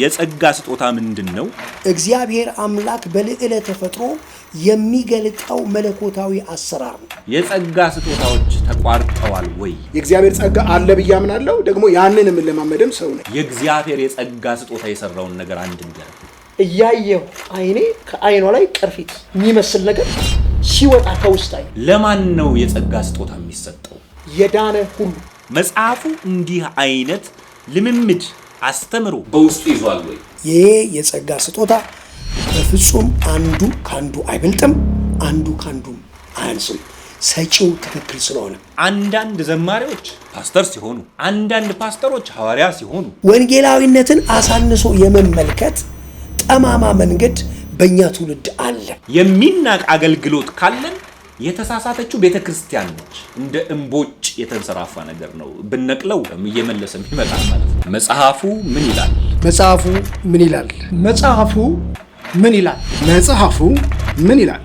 የጸጋ ስጦታ ምንድን ነው? እግዚአብሔር አምላክ በልዕለ ተፈጥሮ የሚገልጠው መለኮታዊ አሰራር ነው። የጸጋ ስጦታዎች ተቋርጠዋል ወይ? የእግዚአብሔር ጸጋ አለ ብዬ አምናለሁ። ደግሞ ያንን የምለማመድም ሰው ነው። የእግዚአብሔር የጸጋ ስጦታ የሰራውን ነገር አንድ ንገር። እያየው አይኔ ከአይኗ ላይ ቅርፊት የሚመስል ነገር ሲወጣ ከውስጥ አይ ለማን ነው የጸጋ ስጦታ የሚሰጠው? የዳነ ሁሉ መጽሐፉ እንዲህ አይነት ልምምድ አስተምሩ በውስጡ ይዟል ወይ? ይሄ የጸጋ ስጦታ በፍጹም አንዱ ከአንዱ አይበልጥም፣ አንዱ ከአንዱም አያንስም። ሰጪው ትክክል ስለሆነ አንዳንድ ዘማሪዎች ፓስተር ሲሆኑ፣ አንዳንድ ፓስተሮች ሐዋርያ ሲሆኑ፣ ወንጌላዊነትን አሳንሶ የመመልከት ጠማማ መንገድ በእኛ ትውልድ አለ። የሚናቅ አገልግሎት ካለን የተሳሳተችው ቤተ ክርስቲያን ነች። እንደ እምቦጭ የተንሰራፋ ነገር ነው። ብነቅለው እየመለሰ የሚመጣ ማለት ነው። መጽሐፉ ምን ይላል? መጽሐፉ ምን ይላል? መጽሐፉ ምን ይላል? መጽሐፉ ምን ይላል?